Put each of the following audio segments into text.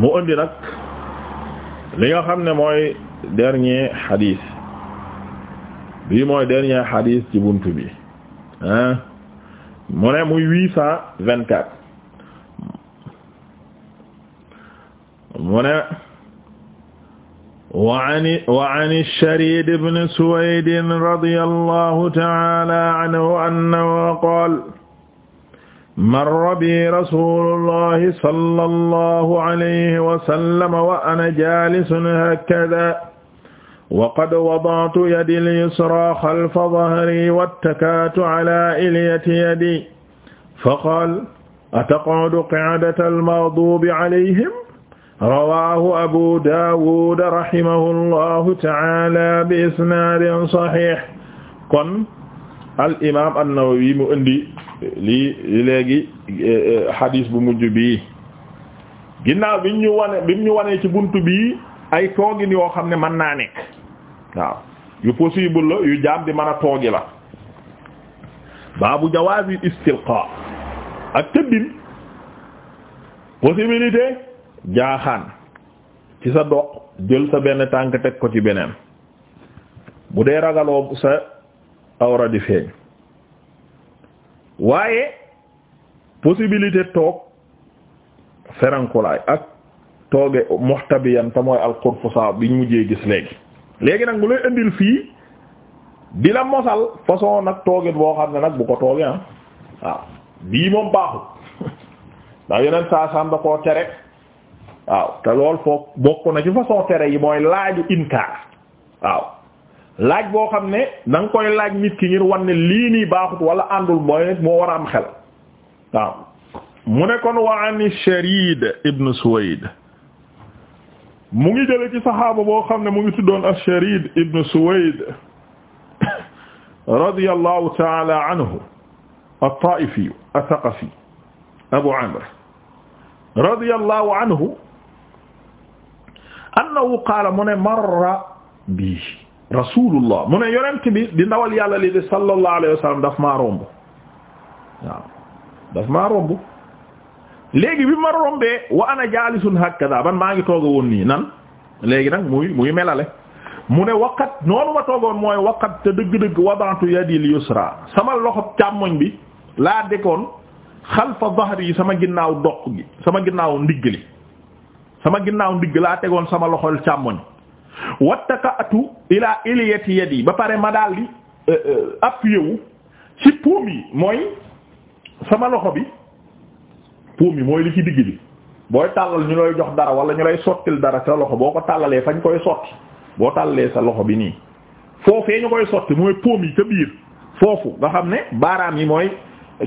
mu indi nag li nga xam ne mooy dernier xadiis bii mooy dernier xadiis ci bunt bi ah mu ne muy huit cent vingt quatre mu ne waani waani Sharid ibn Suwayd radiyallahu ta'ala anhu annahu qaala marra bi rasulullahi sallallahu alayhi wa sallam wa ana jalisun hakada wa qad wada'tu yadi al-yusra xalfa dahri wattaka'tu ala ilyati yadi faqaala ataq'udu qa'data al-maghdubi alayhim rawaahu abu daawuud rahimahullahu ta'aala bi isnaadin sahiih kon al imaam an-Nawawi mu indi lii léegi hadis eh, eh, bu mujj bii ginnaaw bi ñu wane bi ñu wanee ci bunt bii ay toogin yoo xam ne mën naa nekk waaw yu possible la yu jaam di mën a toogi la baabu jawaazi istilqa ak tëddin possibilité jaaxaan ci sa doq jël sa benn tànk teg ko ci beneen bu dee ragaloo sa awra di feeñ waaye possibilité toog ferankulaay ak tooge muhtabiyan te mooy alqurfusa biñ mujjee gis léegi léegi nag mu lay indil fii di la mosal façon nag toogit boo xam ne nag bu ko tooge ah waaw bii moom baaxul ndax yeneen saa saan da koo tere waaw te lool foog bokk na ci façon tere yi mooy laaju inkaar waaw laaj boo xam ne da nga koy laaj mit ki ngir wan ne lii nii baaxut wala àndul mooy moo war a am xel waaw kon wa ani Sharid ibn Suwayd mu ngi jële ci boo xam ne mu ngi tuddoon ash-Sharid ibn Suwayd radiyallahu ta'ala anhu at-Taa'ifi ath Abu Amr radiyallahu anhu annahu qaala mu ne marra bi rasulullah mu ne yonent bi di ndawal yàlla lii di sallallahu alayhi wa sallam daf maa waaw daf maa romb léegi bi ma rombee wa ana jaalisun hakada ban maa ngi toog woon nii nan léegi nag muy muy melale mu ne waqat noonu ma toogoon mooy waqat te dëgg-dëgg wadantu yadil yusra sama loxo càmmoñ bi laa dekoon xalfa dahri yi sama ginnaaw doq gi sama ginnaaw ndigg li sama ginnaaw ndigg laa tegoon sama loxol càmmoñ wattakaatu ila iliyati yi ba pare ma daal di euh, euh, appuyé wu ci paume yi mooy sama loxo bi paume yi mooy li ci digg bi booy tàllal ñu lay jox dara wala ñu lay sottil dara sa loxo boo ko tàllalee fañ koy sotti boo tàllalee sa loxo bi nii foofee ñu koy sotti mooy paume yi ca biir foofu nga xam ne baaraam yi mooy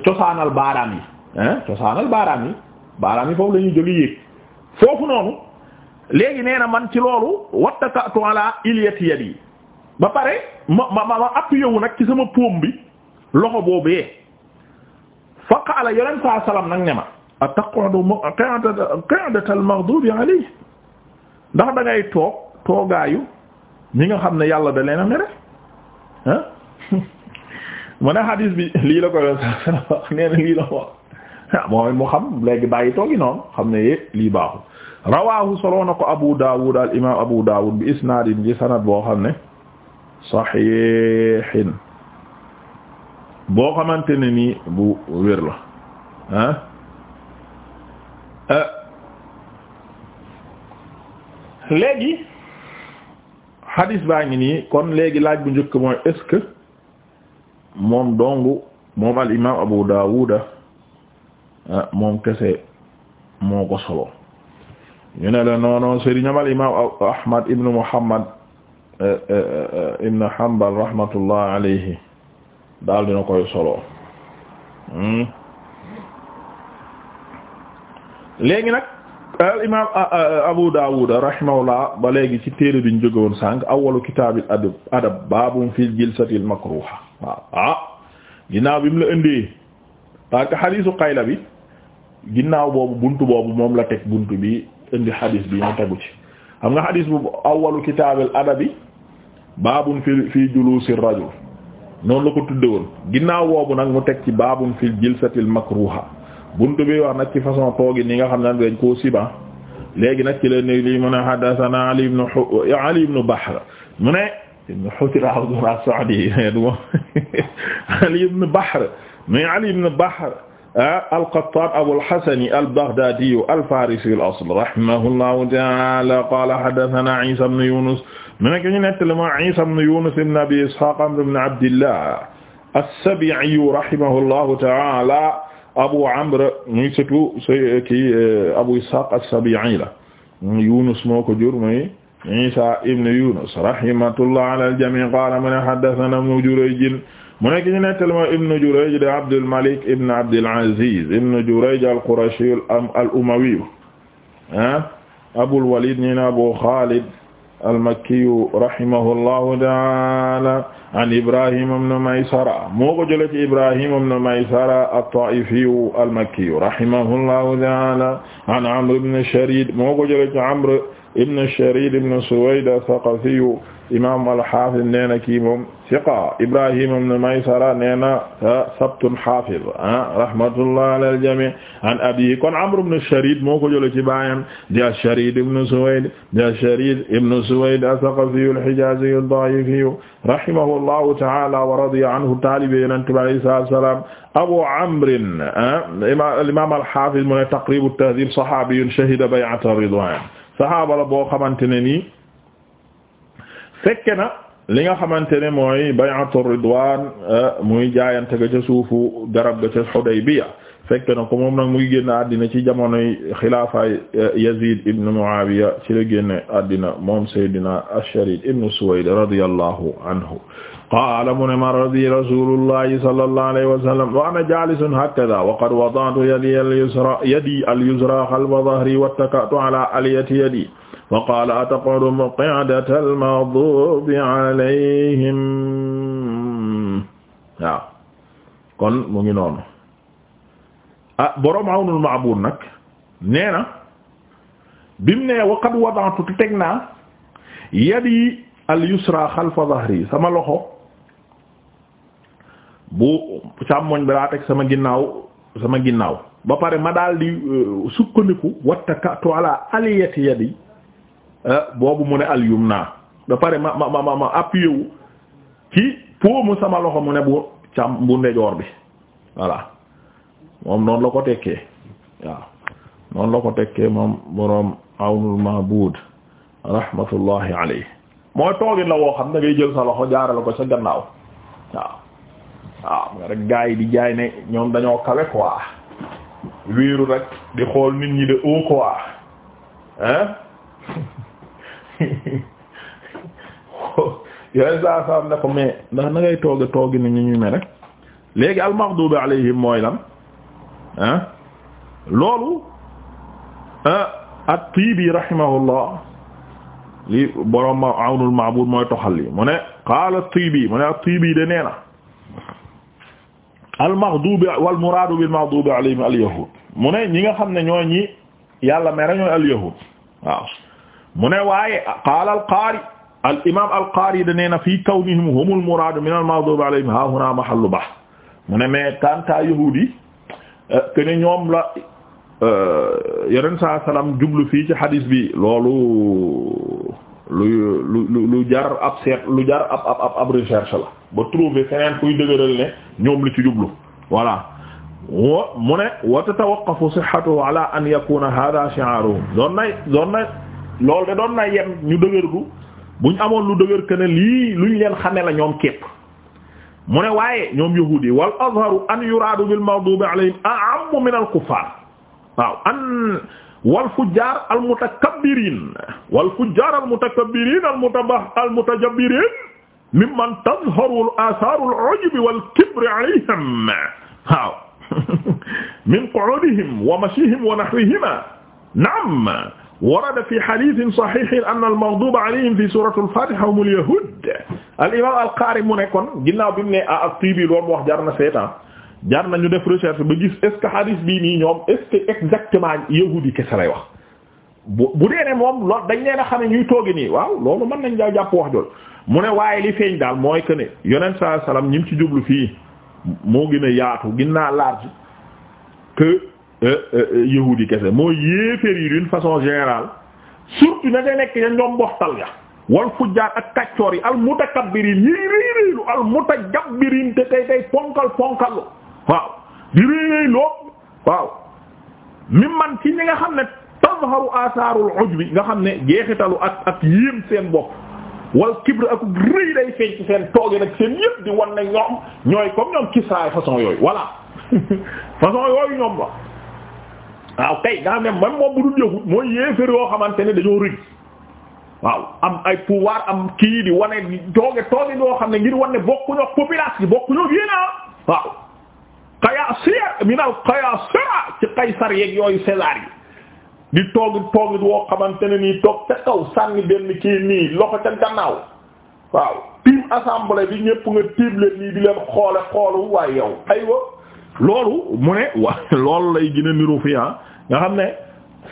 cosaanal baaraam yi hein cosaanal baaraam yi baaraam yi foofu la ñuy yéeg foofu noonu léegi nee na man ci loolu wattakatu ala ilyati yadi ba pare ma ma ma appuyé wu nag ci sama poom bi loxo boobee fa qaala yonent saa salaam nag ne ma ataqudu qi'data al-maghdubi alayhi ndax da toog toogaayu ñi nga xam ne yàlla da leen a mere mu ne hadis bi lii la ko yonent saa lii la wax ah mu xam léegi bàyyi toogi noonu xam ne lii baaxul rawaahu solo na ko Abu Dawud al imaam Abu Dawud bi isnaadin ji sanad boo xam ne saxiixin boo xamante ne nii bu wér la ah. Eh. léegi hadis baa ngi nii kon léegi laaj bu njëkk mooy est-ce que moom dong moom al imaam Abu Dawud ah, moom kese moo ko solo. ñu ne la noonon sëriñam al imam ahmad eh, eh, eh, daal dina koy solo hmm? léegi nag al imam abu dawud rahimahullah ba léegi ci téere bi ñu jóge woon sànq awwalu kitaabil adab adab baabum fil jilsatil makruha ah, ginnaaw bi mu la indee parce que xadiisu xayla bi ginnaaw boobu bunt boobu moom la teg buntu bi indi xadis bi ñu tegu ci xam nga xadis bu awwalu kitaabil adabi baabun fi fii juluusi rajul noonu la ko tudde woon ginnaaw woobu nag mu teg ci baabun fil jilsatil makruha buntu bi wax nag ci façon toogi ni nga xam ne dañ koo siba léegi nag ci leen ni lii mun a hadathana ali ibn ali ibn bahr mu ne ibn hutira al-sa'di ali ibn bahr mais ali ibn bahr Ah, al-Qattaan Abul Hasan al-Baghdaadi al-Faarisi al-asl rahimahullahu ta'aala qaala haddathanaa Iisaa ibn Yuunus mu nekk ñu nettali ma Iisaa ibn Yuunus ibn Abii Ishaaq Amr ibn Abdillah as-Sabi'i rahimahullahu ta'aala Abu Amr muy surtout kii eh, Abu Ishaaq as-Sabi'i la Yuunus moo ko jur muy Iisaa ibn Yuunus rahimahullahu ala al-jamii' qaala man haddathanaa Ibnu Jurayj mu nekk ñu nettali mooy Ibn Jurayj de Abdul Malik Ibn Abdul Aziz Ibn Jurayj al-Qurashi al-Umawi ah Abul Walid ñu ne Abu Khalid al-Makki rahimahullahu ta'ala an Ibrahim ibn Maysara moo ko jëlee ci Ibrahim ibn Maysara at-Ta'ifi al-Makki rahimahullahu ta'ala an Amr ibn Sharid moo ko jëlee ci Amr ibn Sharid ibn Suwayd ath-Thaqafi imam al-Hafiz nee na kii moom siqa Ibrahim ibn Maysara nee na ah, sabtun hafiz ah rahmatullah ala al-jami' an abi kon Amr ibn Sharid moo ko jëlee ci baayam di Sharid ibn Suwayd di Sharid ibn Suwayd as-Saqafi al-Hijazi ad-Da'ifi rahimahullahu ta'ala wa radiya anhu taalibe Yonent bi alayhi salaatu wa salaam Abu Amr al-imam ah, al-Hafiz mu ne Taqrib at-Tahdhib sahabiyyun shahida bay'ata ridwan sahaba la boo xamante ne nii fekke na li nga xamante ne mooy bay'atu ridwaan eh, muy jaayante ga ca suufu garab ga ca Xudaybiya fekke na ko moom nag muy génn àddina ci jamonoy xilaafaay eh, Yazid ibn Muawiya ci la génne àddina moom Seydina Ash-Sharid ibn Suwayd radiyallahu anhu qaala mu ne marra bi rasulullahi sallallahu alayhi wa sallam wa ana jaalisun hakada wa qad wada'tu yadi al-yusra yadi al-yusra xalfa dhahri wa ttaka'tu ala aliyati yadi wa qaala ataqa'udu qi'datal maghduubi alayhim kon mu ngi noon ah boroom Awnul Ma'buud nag nee na bim ne wa te teg naa yadi al yusra xalfa sama loxo bu càmmoñ bi laa sama ginnaaw sama ginnaaw ba pare ma daal di euh, sukkandiku wattakaatu ala yadi Euh, boobu mu ne al yumna ba pare ma ma ma ma appuyé wu ci poomu sama loxo mu ne bu càm bu ndejoor bi voilà moom noonu la ko tekkee waaw noonu la ko tekkee moom boroom awnul ma'bud rahmatullahi alayhi mooy toogin la woo xam ne ngay jël sa loxo jaarale ko sa gannaaw waaw waaw nga rek gars yi di jaay ne ñoom dañoo kawe quoi wéeru rek di xool nit ñi de haut quoi hein yooyu saa saa ne ko mais ndax na ngay tooge toogi ni ñu ñu mel rek léegi almaghdubi alayhim mooy lan ah loolu euh, at-Tiibi rahimahullah li borom Awnul Ma'buud mooy toxal li mu ne qaala at-Tiibi mu ne at-Tiibi de nee al-maghduubi wal muraadu bil maghduubi al-yahuud mu ne ñi nga xam ne ñooy ñi yàlla mere ñooy al-yahuud waaw mu ne waaye qaala al-Qaari al-imaam al-Qaari da nee na fii kawnihim humul muraadu min al-maghduubi alayhim haa hunaa mahallu bah mu ne mais kanta yahuudi que ne ñoom la eh, yeneen saa salaam jublu fii ci hadis bi loolu lu lu lu jar ab seet lu jar ab ab ab recherche la ba trouver feneen kuy dëgëral ne ñoom li ci jublu voilà mu ne wa tatawaqqafu sihhatuhu ala an yakuna hadha shi'aruhum doon nay doon nay loolu de doon na yem ñu dëgërgu buñ amoon lu dëgër que lii lu leen xame la ñoom képp mu ne waaye ñoom yahuudi yi wal azharu an yuraadu bil maghdubi alayhim a'ammu min al kuffar waaw wal fujjar al mutakabbirin wal fujjar al al mutabah al mutajabbirin mimman tazharu al atharu al wal kibri na'am warada fi hadiisin sahiihin anna al-maghduubi alayhim fi suuratil faatiha humul yahuud al-imaam al-Qaari mu ne kon ginnaaw bi mu ne ah at-Tiibi loolu mu wax jar na seetaan jar na ñu def recherche ba gis est ce que hadis bii nii ñoom est ce que exactement yahuud yi lay wax. bu bu dee ne moom dañ leen a xam ne ñuy toogi nii waaw loolu mën nañ jaa jàpp wax jooju mu ne waaye li feeñ daal mooy que ne sa saa salaam ñi mu ci jublu fii moo gën a yaatu ginnaaw large que. Euh, euh, euh, yahudi kese mooy yéeféer yi d'une façon général surtout ña ca nekk ya ñoom mboxtal ya wal fujjaar ak kaccoor yi al mutakabbiriin ñii réy réylu al mutajabbiriin te tey tey ponkal ponkallu waaw di réy réy loo waaw mi man ci ñi nga xam ne tazharu asaarul ujbi nga xam ne jeexitalu ak ak yéem seen bopp wal kibr ak rëy day feeñ ci seen tooge nag seen yëpp di wan ne ñoom ñooy comme ñoom kisraay façon yooyu voilà façon yooyu ñoom la waaw kay nga xam ne man moom bu dul yëgut mooy yéefér yoo xamante ne dañoo rëy waaw am ay pouvoir am kii di wane tooge tooge yoo xam ne ngir wane bokkuñoo population yi bokkuñoo yéena waaw qayaasiya minal qayaasiya ci Qaysar yooyu César yi di toog toog woo xamante ne nii toog ca kaw sànni benn kii nii loxo ca gannaaw waaw tiim assemblée bi ñëpp nga tiim leen nii di leen xoole xoolu waaye yow aywa loolu mu ne wa loolu lay gën a niru fi ah nga xam ne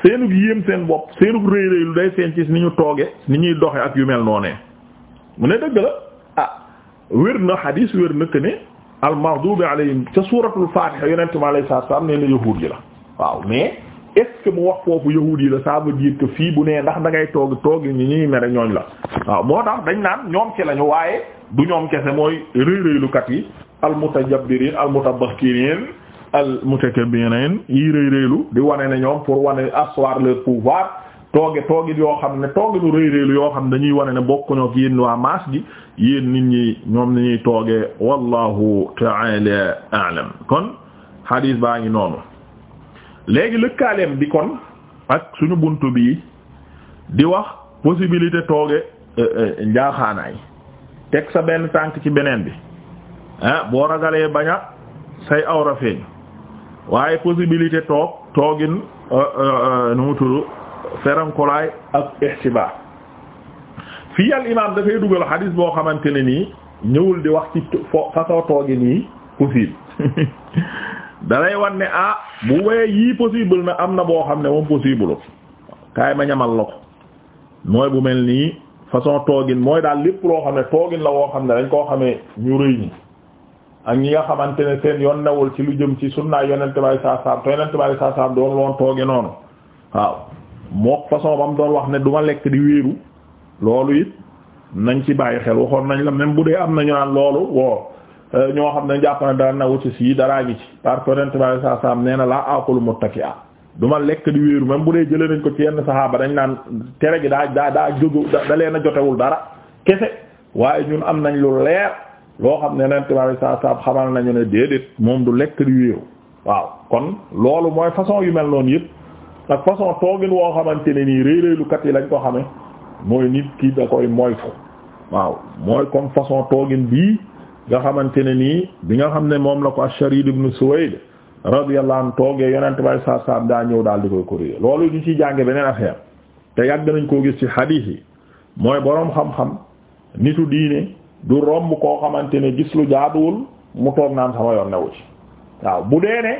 seenug yéem seen bopp seenug rëy rëy lu day seen ci ni ñu tooge ni ñuy doxe ak yu mel noonee mu ne dëgg la ah wér na xadiis wér na que ne al maghdubi alayhim ca suuratul faatiha yonent mi ma salaatu salaam nee na yahuud yi la waaw mais est mu wax foofu yahuud yi la saabu veut dire fii bu nee ndax da ngay toog toog ñi ñuy mere ñooñ la waaw moo tax dañ naan ñoom ci lañu waaye du ñoom kese mooy rëy rëylukat almutajabbirin almutabakkirin almutakabbirin yi rëy rëylu di wane ne ñoom pour wane asseoir leur pouvoir tooge toogit yoo xam ne tooge lu rëy rëylu yoo xam ne dañuy wane ne bokkuñoo ak yéen waa maas gi yéen nit ñi ñoom ni tooge wallahu ta'ala a'lam kon xadiis baa ngi noonu léegi lëkkaaleem bi kon ak suñu bunt bi di wax possibilité tooge eh, eh, njaaxaanaay teg sa benn tànk ci beneen bi Eh, boo ragalee bañ a say awra feeñ waaye possibilité toog toogin euh, euh, nu mu tudd ferankolaay ak ihtiba fii al imam dafay dugal xadis boo xamante ne nii ñëwul di wax ci fo façon toogin yi possible dalay wan ne ah bu wee yii possible na am na boo xam ne moom possible kaay ma ñamal la ko mooy bu mel nii façon toogin mooy daal lépp loo xam ne toogin la woo xam ne dañ koo xamee ñu rëy ñi ak ñi nga xamante ne seen yoon nawul ci lu jëm ci sunna yonente bay saa saam te yonente bay saa saam doon loon tooge noonu waaw mook façon bam doon wax ne du ma lekk di wéeru loolu yi nañ ci bàyyi xel waxoon nañ la même bu dee am nañu naan loolu woo euh, ñoo xam ne jàpp na dara nawu ci sii daraa gi ci parce que yonente bay saa saam nee na laa aakulu muttaki a du ma lekk di wéeru même bu dee jëlee nañ ko ci yenn saxaaba dañ naan tere gi daa daa daa jógu da leen a jotewul dara waaye ñun am nañ lu leer loo xam ne yonent bi saa saab xamal nañu ne déedéet moom du lekk di wéeru waaw kon loolu mooy façon yu mel noonu yëpp ak façon toogin woo xamante ne nii réeréelukat yi lañ ko xamee mooy nit kii da koy moytu waaw mooy comme façon toogin bii nga xamante ne nii bi nga xam ne moom la ko Asharid ibn Suwayd radiyallahu anhu toogee yonent bi saa saab daa ñëw daal di koy corriger loolu ñu ciy jànge beneen affaire te yàgg nañ koo gis ci hadith yi mooy boroom xam du romb koo xamante ne gis lu jaaduwul mu toog naan sama yoon newu waaw bu dee ne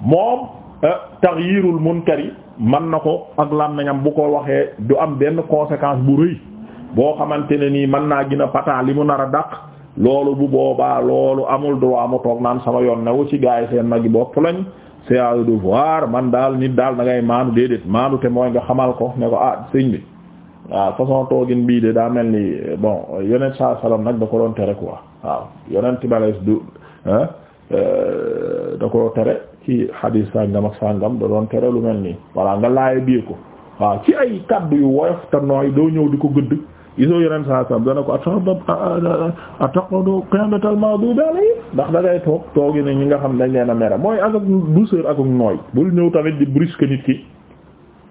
moom euh, taxyirul munkari man na ko ak làmmiñam bu ko waxee du am benn conséquence bu rëy boo xamante ne nii mën naa gën a pataa li mu nar a dàq loolu bu boobaa loolu amul droit mu toog naan sama yoon newu ci gars yi seen yi bopp lañ c'est à devoir man daal nit daal da ngay maanu déedéet maanu te mooy nga xamal ko ne ko ah sëñ bi waaw façon toogin bii de daa mel ni bon yonent saa salaam nag da ko doon tere quoi waaw yonent balees du euh, da ko tere ci xadiis sàngam ak sàngam da doon tere lu mel nii voilà nga laaye biir ko waaw ci ay kàddu yu woyof te nooy doo ñëw di ko gëdd gisoo yonent saa salaam dana ko ataqodo qimatal maghdubi alayhi ndax da ngay toog toogi ne ñi nga xam dañ leen a mere mooy ak ak douceur ak ak nooy bul ñëw tamit di brusque nit ki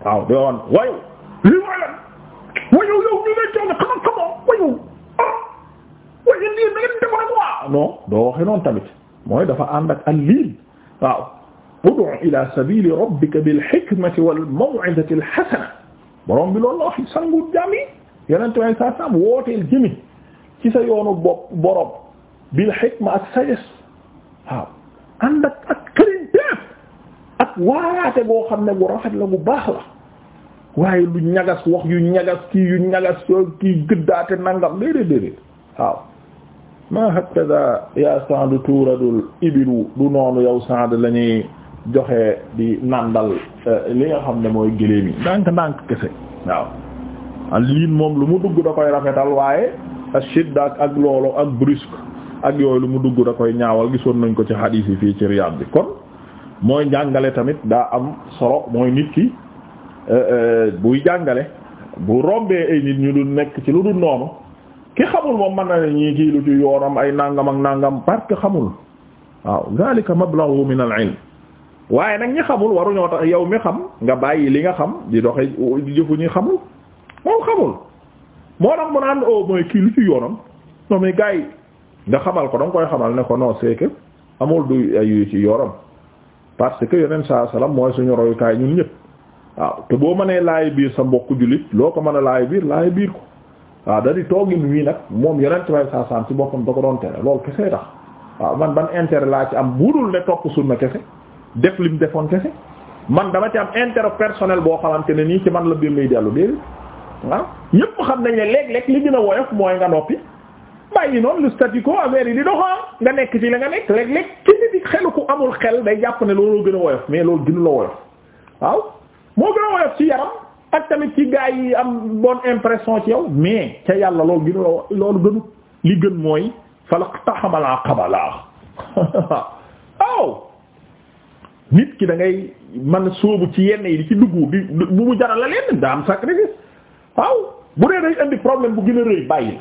waaw doo wan wayu wa yow yow ñu ngi coono xam nga wa yow ah wa yéen lii da ngeen di defoon ak non doo waxe noonu tamit mooy dafa ànd ak al-liil waaw ud'u ila sabili rabbika bil hikmati wal maw'izati al hasana borom bi loolu la wax sangu jaam yi yeneen tamit saa saam wooteel jëmi ci sa yoonu bopp borom bil hikma ak sages waaw ànd ak ak këriñ ak waaraate boo xam ne bu rafet la bu baax la. waaye lu ñagas wax yu ñagas kii yu ñagas kii gëddaate nangam déedéet déedéet waaw ma hakaza ya Sa'd tuuradul ibilu du noonu yow Sa'd la ñuy joxe di nàndal eh, li nga xam ne mooy gëléem yi ndànk ndànk kese waaw liin moom lu mu dugg da koy rafetal waaye ashidda ak ak loolo ak brusque ak yooyu lu mu dugg da koy ñaawal gisoon nañ ko ci hadith yi fii ci Riyad bi kon mooy njàngale tamit daa am solo mooy nit ki Euh, euh, buy jàngale bu rombee ay ñu du nekk ci lu dul noonu ki xamul moom mën na ne ñii kii lu ci yoonam ay nangam ak nangam parce que xamul waaw zalika mablaghu min al-ilm waaye nag ñi xamul waruñoo tax yow mi xam nga bàyyi li nga xam di doxe di jëfu ñi xamul moom xamul moo oh, kii lu ci yoonam non mais yi nga xamal ko danga koy xamal ne ko non c'est amul du ay ci yoonam parce que yeneen saa salaam mooy suñu royukaay ñun ñëpp. waaw te boo manee laay biir sa mbokku jullit loo ko mën a laay biir laay biir ko waaw da di toogin wii nag moom yonent way saasaan ci boppam da ko doon tere loolu kese tax waaw man ban intérêt laa ci am budul ne topp sunna kese def lim defoon kese man dama ci am intérêt personnel boo xamante ne nii ci man la biir muy dellu déedéet waaw ñëpp xam nañ ne léeg-léeg li gën a woyof mooy nga noppi bàyyi noonu lu statu quo affaire yi di doxaa ah nga nekk ci la nga nekk léeg-léeg ci nit xelu ku amul xel day jàpp ne looloo gën a woyof mais loolu gënu la woyof waaw moo gën a woyof ci yaram ak tamit ci gaa yi am bonne impression ci yow mais ca yàlla loolu gënu loolu gënu li gën mooy falaqtahamal aqaba la aw nit ki da ngay man sóobu ci yenn yi di ci dugg di bu mu jaral la leen daa sacrifice waaw bu dee day indi problème bu gën a rëy bàyyi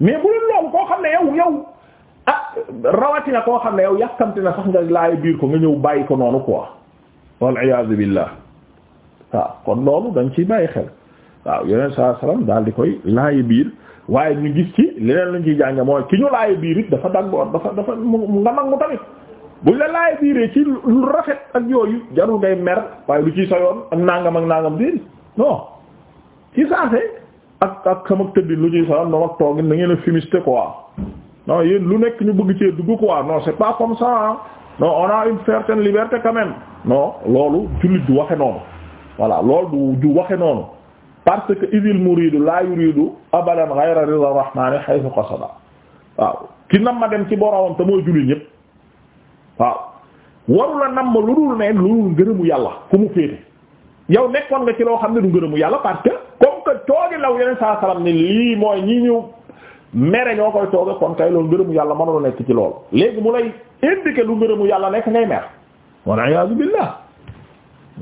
mais bu dul loolu koo xam ne yow yow ah rawatina koo xam ne yow yàkkamti na sax nga laay biir ko nga ñëw bàyyi ko noonu ko wal iyaazu billah waaw kon loolu dañ ci bàyyi xel waaw yeneen saa salaam daal di koy laayi biir waaye ñu gis ci leneen lañ ciy jànge mooy ki ñu laayi biir it dafa daggoon dafa dafa nga mag mu tamit buñ la laayi biiree ci lu rafet ak yooyu jarul ngay mer waaye lu ci sa yoon ak nàngam ak nangam déedéet non ci saase ak ak sama tëddin lu ciy sa yoon noonu ak toogin da ngeen a fumiste quoi non yéen lu nekk ñu bëgg cee dugg quoi non c'est pas comme ça non on a une certaine liberté quand même non loolu jullit du waxe voilà loolu du waxe noonu parce que idil muridu la yuridu abadan ghayra rida rahmani haythu qasada waaw ki nam ma dem ci boromam te mooy julli ñëpp waaw warula nam ma lu dul ne lu dul ngërëmu yàlla fu mu féete yow nekkoon nga ci loo xam ne du ngërëmu yàlla parce que comme que toogi law yeneen saa salaam ni lii mooy ñi ñu mere ñoo koy tooge kon kay loolu ngërëmu yàlla mënul nekk ci loolu léegi mu lay indiquer lu ngërëmu yàlla nekk ngay mer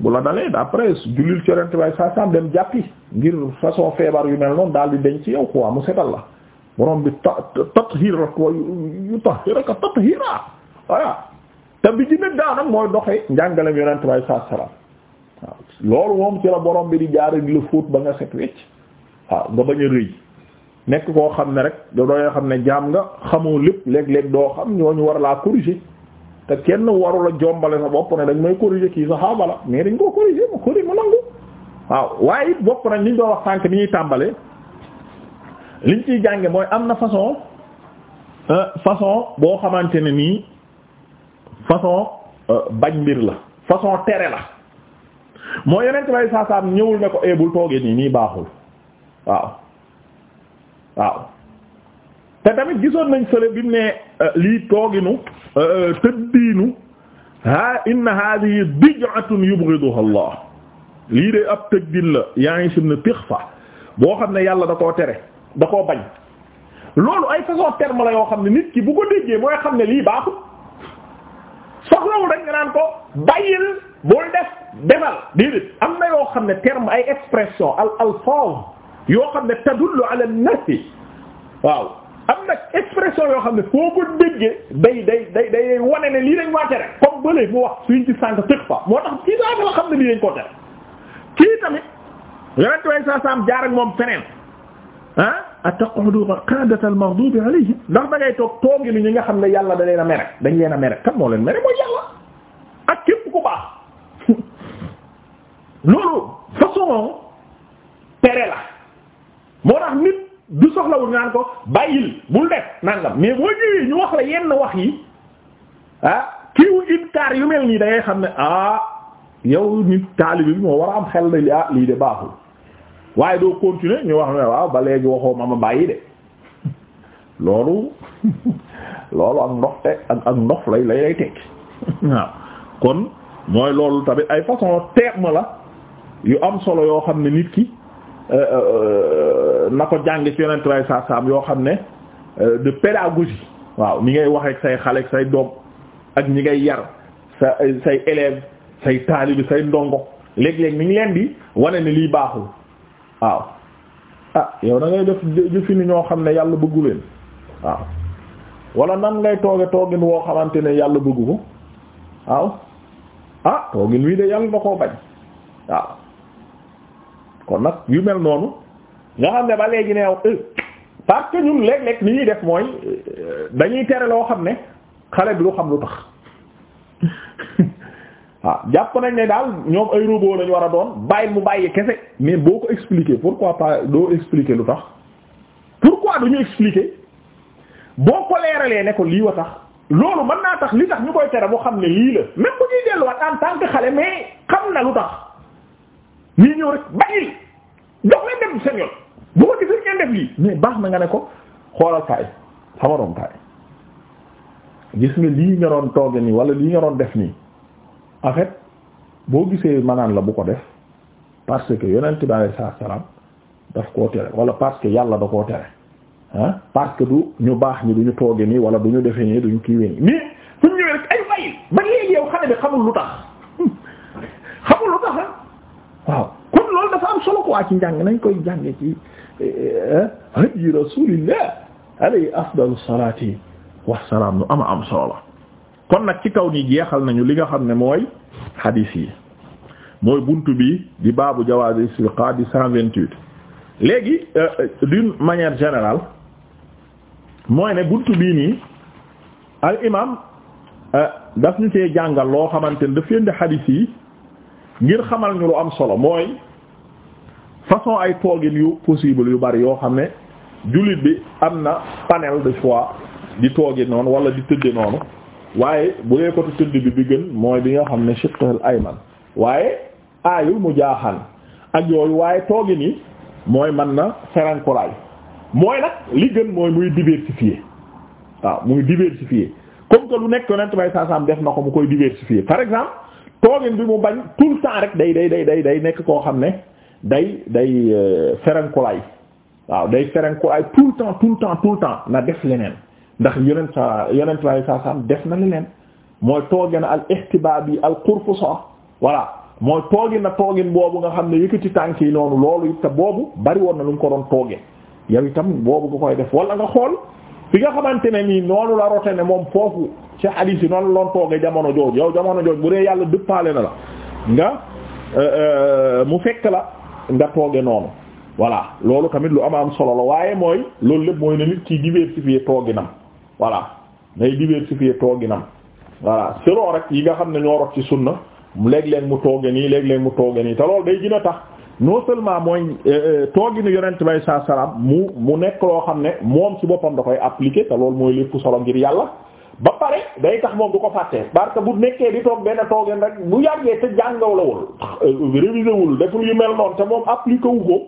bu la dalee d'après jullil ci yonent bay dem jàppi ngir façon feebar yu mel noonu daal di denc yow quoi mu setal la borom bi ta- tathir ak wa yu tahiraka tathira voilà daanam mooy doxee njàngaleem yonent bay saa salaam loolu moom ci la borom bi di jaare di la fóot ba nga set wecc waaw nga bañ a rëy nekk koo xam ne rek da dooy xam ne jaam nga xamoo lépp léeg-léeg doo xam ñooñu war laa corriger te kenn warula jombale sa bopp ne dañ mooy corriger kii saxaaba ah, la mais dañ koo corriger mu corriger mu nangu waaw waaye it bopp nañ liñ doon wax tànk bi ñuy tàmbale liñ ciy jànge mooy am na façon euh, façon boo xamante ne nii façon euh, bañ mbir la façon tere la moo yenent bay saasaam ñëwul ne ko ee eh, bul toogee nii nii baaxul waaw waaw te tamit gisoon nañ fële bi mu ne euh, lii tooginu euh, euh, tëddiinu ha inna hadhihi bid'atun yubghiduha Allah lii de ab tëddin la yaa ngi si na tix fa boo xam ne yàlla da koo tere da koo bañ loolu ay façon terme la yoo xam ne nit ki bu ko déggee mooy xam ne lii baaxul soxlawul rek nga naan ko bàyyil bul def defal déedéet am na yoo xam ne terme ay expression al alfaaz yoo xam ne tadullu ala nahi waaw am nag expression yoo xam ne foo ko déggee day day day day wane ne lii dañ waa tere comme bële mu wax suñ ci sànq tëg fa moo tax kii daal xam ne lii dañ koo tere kii tamit yonent way sa jaar ak moom feneen ah a taqudu qadata al-maghdubi alayhim ndax da ngay toog toogi lu ñi nga xam ne yàlla da leen a mere dañ leen a mere kan moo leen mere mooy yàlla ak képp ku baax loolu façon tere la moo tax nit du soxlawul naan ko bàyyil bul def nangam mais boo ñëwee ñu wax la yenn wax yi ah kiiwu inkaar yu mel nii dangay xam ne ah yow nit taalibe bi moo war a am xel na ah, li lii de baaxul waaye doo continuer ñu wax ne waaw ba léegi waxoo ma ma bàyyi de loolu loolu ak ndox te eh, ak ak ndox lay lay lay waaw kon mooy loolu tamit ay façon ma la yu am solo yoo xam ne nit ki Euh, euh, euh, na ko jàng ci yonent way saa saam yoo xam ne de pédagogie waaw ni ngay waxee ak say xale ak say doom ak ñi ngay yar sa say élève say taalibi say ndongo léeg-léeg ni ngi leen di wane ne lii baaxul waaw ah yow na ngay def jëfini ñoo xam ne yàlla bëggu leen waaw wala nan ngay tooge toogin woo xamante ne yàlla bëggu ko waaw ah toogin wii de yàlla da koo bañ waaw kon nag yu mel noonu nga xam ne ba léegi ne yow parce que ñun léeg-léeg ni ñuy def mooy dañuy tere loo xam ne xale bi lu xam lu tax waaw ah, jàpp nañ ne daal ñoom ay robot lañu war a doon bàyyi mu bàyyi kese mais boo ko expliquer pourquoi pas doo expliquer lu tax pourquoi duñu expliquer boo ko leeralee ne ko lii wa tax loolu mën naa tax li tax ñu koy tere mu xam ne lii la même bu ñuy delluwaat en tant que xale mais xam na lu tax. ñii ñëw rek bàyyil jox leen dem seen yoon bu ko gisee ngeen def lii mais baax na nga ne ko xoolal kaay sama doom kaay gis nga lii nga doon tooge nii wala lii nga doon def nii en fait boo gisee manaan la bu ko def parce que yonent bi alayhi salaam daf koo tere wala parce que yàlla da koo tere ah parce que du ñu baax ñi du ñu tooge nii wala du ñu defee nii du ñu kiiwee nii mais fu ñu rek ay bàyyil ba léegi yow xale bi xamul lu tax. waaw kon loolu dafa am solo quoi ci njàng nañ koy jànge ci eh, eh, hadi rasulillah alayhi afdalu salati wasalaam lu ama am solo kon nag ci kaw ni jeexal nañu li nga xam ne mooy hadith yi mooy bunt bi di baabu jawaazi istiqa di cent vingt léegi eh, d'une manière générale mooy ne buntu bii nii al imam daf ñu te jàngal loo xamante ne daf leen di yi ngir xamal ñu lu am solo mooy façon ay toogin yu possible yu bari yoo xam ne jullit bi am na panel de choix di toogi noonu wala di tëdde noonu waaye bu dee ko tëdd bi bi gën mooy bi nga xam ne ay ayman waaye aayul mu jaaxaan ak yooyu waaye toogin yi mooy man na ferankulaay mooy nag li gën mooy muy diversifier waaw muy diversifier comme que lu nekk yonent bay saasaam def na ko mu koy diversifier par exemple toogin bi mu bañ tout le temps rek day day day day day nekk koo xam ne day day euh, ferenkulaay waaw day ferenkulaay tout le temps tout le temps tout le temps na def leneen ndax yonent sa yonent lay sa sam def na leneen mooy toogin al ihtibaab yi al qurfusa voilà mooy toogin na toogin boobu nga xam ne yëkkati tànk yi noonu loolu te boobu bari woon na lu mu ko doon tooge yow itam boobu nga koy def wala nga xool fi nga xamante ne nii noonu la rote ne moom foofu ci hadith yi noonu loon toogee jamono jooju yow jamono jooju bu dee yàlla dëppaale na la nga euh, euh, mu fekk la nga tooge noonu voilà loolu tamit lu am am solo la waaye mooy loolu lépp mooy ne nit ki diversifier tooginam voilà ngay diversifier tooginam voilà selon rek yi nga xam ne ñoo rot ci sunna léeg-léeg mu tooge nii léeg-léeg mu tooge nii te lool day gën a tax non seulement mooy euh, tooginu yonent bay saa salaam mu mu nekk loo xam ne moom ci boppam da koy appliquer te loolu mooy lépp solo ngir yàlla ba pare day tax moom du ko fàtte parce que bu nekkee di toog benn toogeen rek bu yàggee te jàngawlawul euh, révisé wul deful yu mel noon te moom appliqué wu ko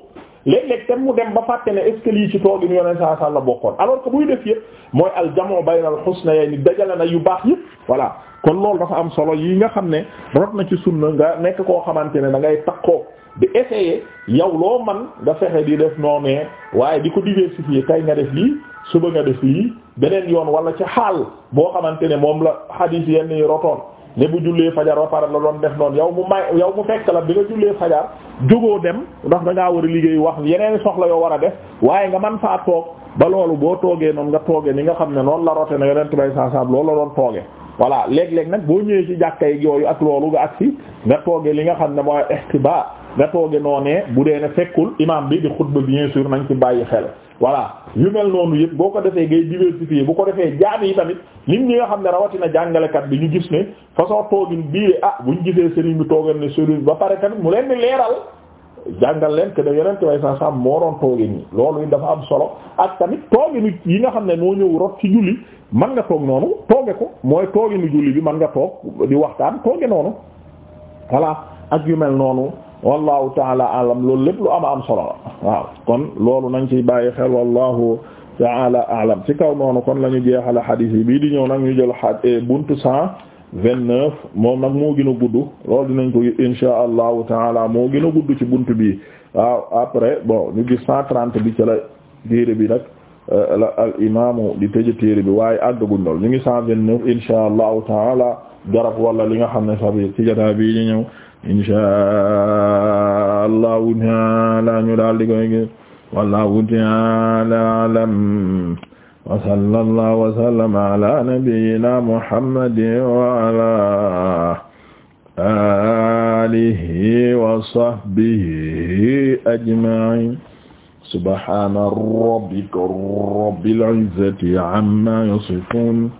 léeg-léeg te mu dem ba fàtte ne est yi que lii ci toogin yoneen saa saa la bokkoon alors que buy def yëpp mooy aljamoo baynal xusna yay ni dajale na yu baax yëpp voilà kon loolu dafa am solo yi nga xam ne rot na ci sunna nga nekk koo xamante ne dangay ngay takkoo di essayer yow loo man nga fexe di def noonee waaye di ko diversifier tey nga def lii suba nga def lii beneen yoon wala ci xaal boo xamante ne moom la hadis yenn yi rotoon ne bu jullee fajar ba pare la doon def noonu yow mu may yow mu fekk la bi nga jullee fajar jógoo dem ndax da ngaa war a liggéey wax yeneen soxla yoo war a def waaye nga man a toog ba loolu boo toogee noon nga toogee ni nga xam ne noonu la rote na yeneen tubay saasaam loolu la doon toogee. voilà léeg-léeg nag boo ñëwee ci jàkka yi yooyu ak loolu nga agsi nga toogee li nga xam ne mooy ihtiba nga tooge noonee bu dee ne fekkul imam bi di xutba bien sûr nañ ci bàyyi xel voilà yu mel noonu yëpp boo ko defee ngay diversifier bu ko defee jaam yi tamit nit ñi nga xam ne rawatina jàngalekat bi ñu gis ne façon toogin bii ah buñ gisee sëriñ bi toogal ne sëriñ ba pare tamit mu leen di leeral jàngal leen que yeneen yenente way sa sam moo doon toogin yi loolu dafa am solo ak tamit toogin yi nga xam ne moo ñëw rot ci julli mën nga toog noonu tooge ko mooy tooginu julli bi mën nga toog di waxtaan tooge noonu voilà ak yu mel noonu wallahu taala alam loolu lépp lu am am solo la waaw kon loolu nañ ci bàyyi xel wallahu taala alam ci kaw noonu kon lañu ñu jeexale xadiis yi bii di ñëw nag ñu jël xadiis eh, buntu cent vingt-neuf moom nag moo gën a gudd loolu dinañ ko insha allahu taala moo gën a gudd ci buntu bi waaw après bo ñu gis cent trente bi ci la téere bi nag eh, la al imaamu di tëj téere bi waaye àggaguñ lool ñu ngi cent vingt-neuf insha allahu taala garab wala li nga xam ne sabi ci jotaay bii ñu ñëw inshaa allahu taala ñu daal di koy gis wallahu taala alam wa sallallahu wa sallama ala nabiyyina muhammadin wa ala alihi wa sahbihi ajma'in subhana rabbika rabbil izzati amma yasifun